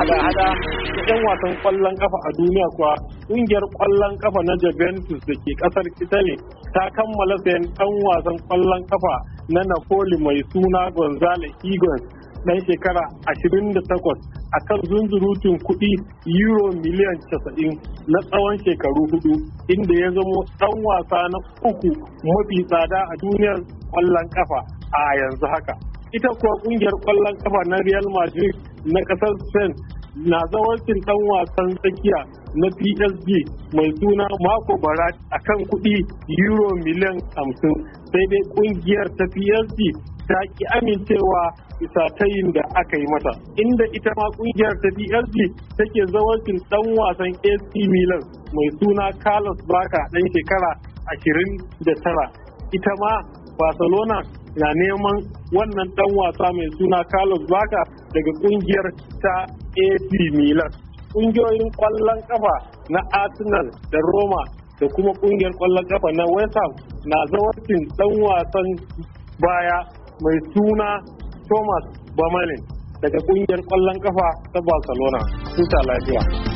hada-hada da 'yan wasan kwallon kafa a duniya kuwa ƙungiyar kwallon kafa na Juventus da ke ƙasar Italy ta kammala sayan ɗan wasan kwallon kafa na Napoli mai suna Gonzalo Higuain ɗan shekara 28 a kan zunzurutun kuɗi euro miliyan 90 na tsawon shekaru hudu inda ya zamo ɗan wasa na uku mafi tsada a duniyar kwallon kafa a yanzu haka. Ita kuwa ƙungiyar kwallon kafa na Real Madrid na kasar spain na zawarcin dan wasan tsakiya na psg mai suna marco barat a kan kudi euro miliyan 50 sai dai kungiyar ta psg ta ki amincewa bisa tayin da aka yi mata inda ita ma kungiyar ta psg take zawarcin dan wasan ac milan mai suna carlos barca dan shekara 29 ita ma barcelona na neman wannan dan wasa mai suna Carlos Baka daga kungiyar ta AC Milan. Kungiyoyin kwallon kafa na Arsenal da Roma da kuma kungiyar kwallon kafa na West Ham na zawarcin dan wasan baya mai suna Thomas Bamalin daga kungiyar kwallon kafa ta Barcelona. Huta lafiya.